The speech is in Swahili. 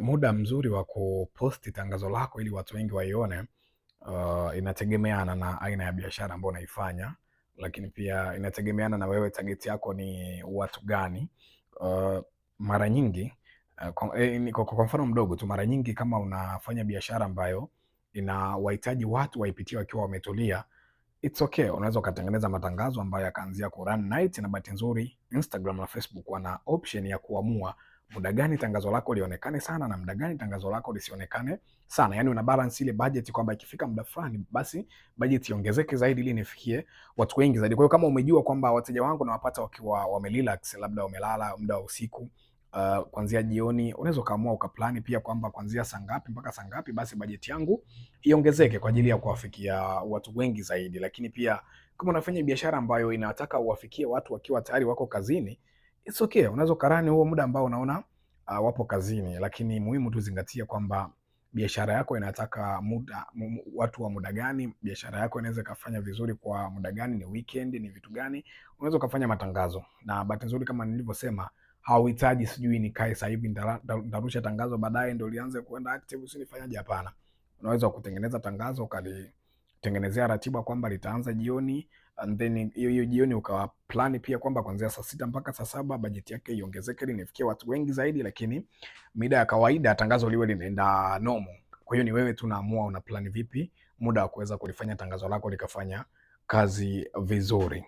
muda mzuri wa kuposti tangazo lako ili watu wengi waione, uh, inategemeana na aina ya biashara ambayo unaifanya, lakini pia inategemeana na wewe target yako ni watu gani. Uh, mara nyingi uh, kwa, eh, mfano mdogo tu, mara nyingi kama unafanya biashara ambayo ina wahitaji watu waipitie wakiwa wametulia, it's okay, unaweza ukatengeneza matangazo ambayo yakaanzia ku run night, na bahati nzuri Instagram na Facebook wana option ya kuamua muda gani tangazo lako lionekane sana na muda gani tangazo lako lisionekane sana. Yani una balance ile budget kwamba ikifika muda fulani, basi budget iongezeke zaidi ili nifikie watu wengi zaidi. Kwa hiyo kama umejua kwamba wateja wangu nawapata wakiwa wamelax, labda wamelala muda wa usiku Uh, kwanzia jioni unaweza kaamua ukaplani pia kwamba kwanzia saa ngapi mpaka saa ngapi, basi bajeti yangu iongezeke kwa ajili ya kuwafikia watu wengi zaidi. Lakini pia kama unafanya biashara ambayo inataka uwafikie watu wakiwa tayari wako kazini, it's okay, unaweza karani huo muda ambao unaona uh, wapo kazini, lakini muhimu tuzingatie kwamba biashara yako inataka muda, watu wa muda gani? Biashara yako inaweza ikafanya vizuri kwa muda gani? Ni weekend, ni vitu gani? Unaweza ukafanya matangazo, na bahati nzuri kama nilivyosema hauhitaji sijui nikae sasa hivi ndarusha tangazo baadaye ndo lianze kuenda active, usinifanyaje? Hapana, unaweza kutengeneza tangazo kali, tengenezea ratiba kwamba litaanza jioni and then hiyo hiyo jioni ukawa plani pia kwamba kuanzia saa sita mpaka saa saba bajeti yake iongezeke linafikia watu wengi zaidi, lakini mida ya kawaida tangazo liwe linaenda nomo. Kwa hiyo ni wewe tu naamua una plani vipi muda wa kuweza kulifanya tangazo lako likafanya kazi vizuri.